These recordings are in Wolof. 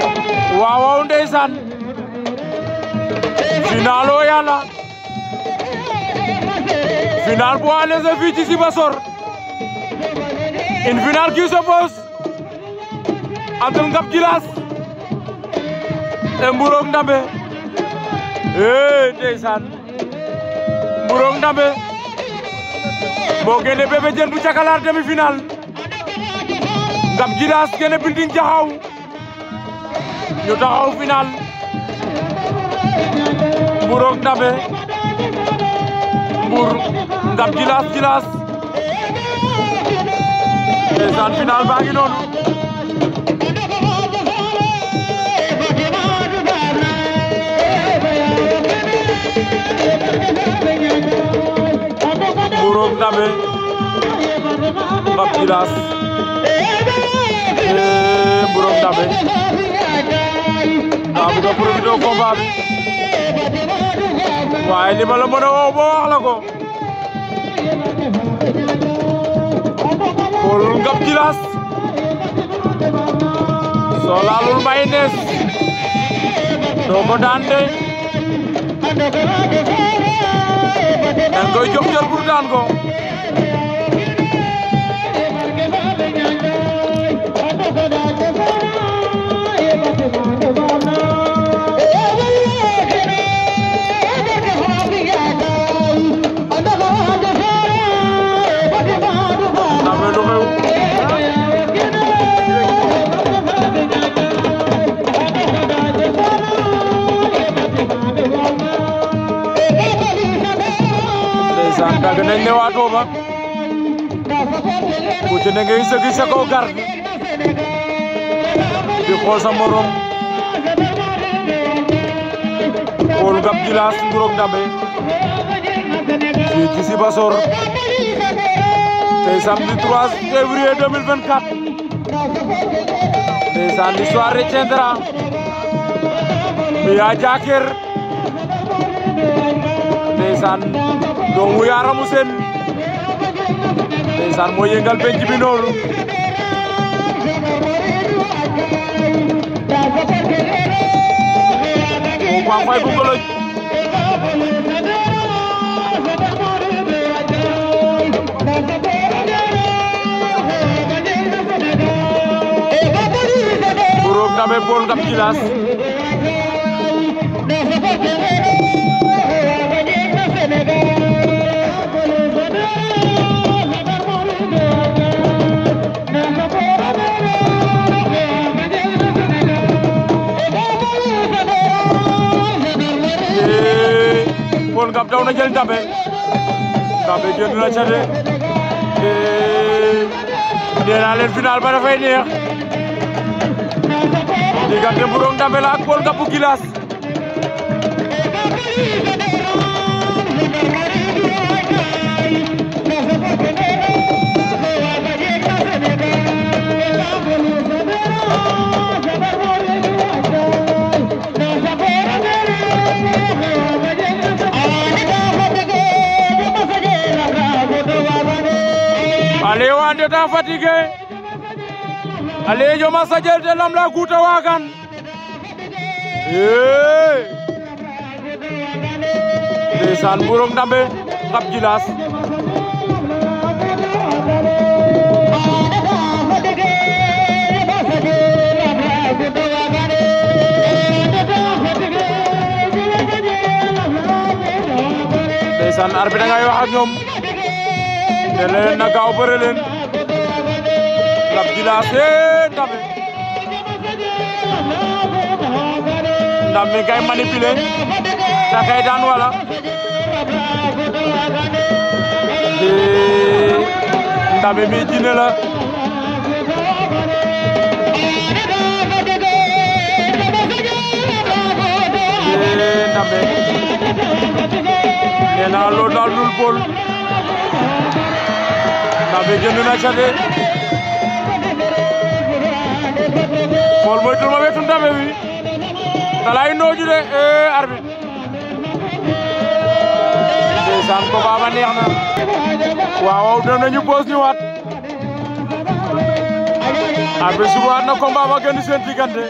waaw waaw ndeysaan final o yàlla final bu waa lese fii ci Sibassor une finale qui s'oppose Ngab Djilass e Mbourok Ndambe e ndeysaan Mbourok Ndambe moo génne Bébé Diène bu Cakalar demi-finale Ngab Djilass génne Binding Jaxaw ñu taxaw final Mbour ak Ndame Mbour Ndam Djilass Djilass ndeysaan final baa Pape Djilass eh, borom Ndame daa bëgg a profité combat bi waaye li ma la mën a woo boo wax la ko xool Ngab Djilass soo laalul may nees doo ko daan de danga koy jox daan ko धन्यवाद हो बा कुछ नहीं सकी सको कर देखो समोरम और गप गिलास गुरोक डबे ये किसी बस और samedi 3 février 2024 ndeysaan l'histoire retiendra Mia Jakir ndeysaan Ndongu yaa ramu seen ndeysaan moo yëngal penc bi noonu waa fay bu koloj Buruk kabe bol kap jilas na jël Ndambe Ndambe génn na ca de nee naa leen final ba dafay neex diggante Mbour Ndambe la ak Paul Gabou Gilaas étant fatigué. Allez, Yoma Sadjel de Lamla Koutawakan. Ndeysaan Mburoog Ndambe Pape Djilas. Ndeysaan arbitre ngay wax ak ñoom. ne leen na gaaw bëre leen. Djilasse eh, Ndame Ndame mi ngi koy manipuler da koy daan wala eh, Ndame mi jinne la eh, Ndame nee naa loolu daal dul bool Ndame jënd na ca de Paul moytul ma wetu ndame wi dalay nooju de ee eh, arbitre ndeysaan ko baaba neex na waaw danañu boos ñu waat arbitre subaat na ko baaba gën seen diggante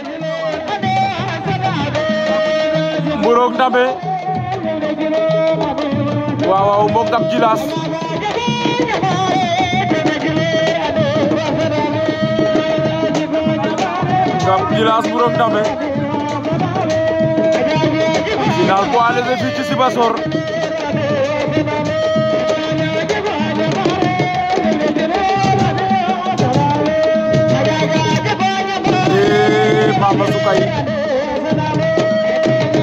mburoog ndame waaw waaw moog ndam Djilass borom Ndame final poids léger fii ci Sibassor Bamba eh, Sukay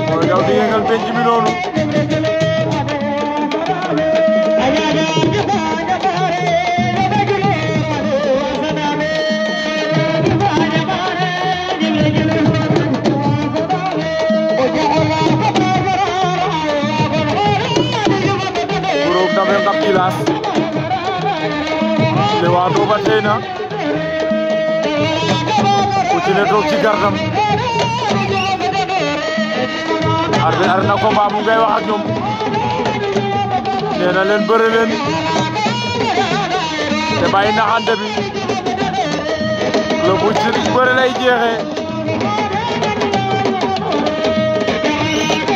mooy daw di yëngal penc bi noonu Cap Village lewaatoo ba tey na ku ci ne toog ci gardam arbi ar na combat mu ngay wax ak ñoom nee na leen bëre leen te bàyyi naxante bi le bu ci bëre lay jeexee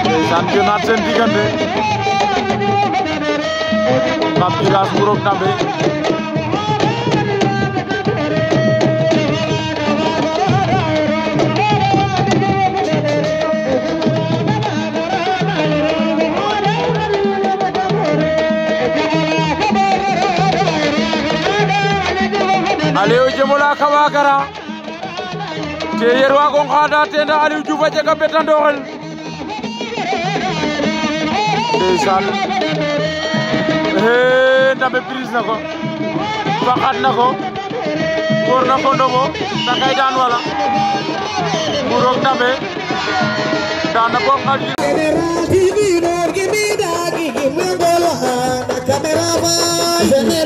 ndeysaan jonaat seen diggante काफी रास ग्रुप ना भी aliyu jimula kawa kara te yerwa kon khada tenda aliyu juba jega betandorel ndeysaan hee Ndamé prise ko faxat ko wóor na ko ndomo daan wala mu roog daan na ko xaj Général TV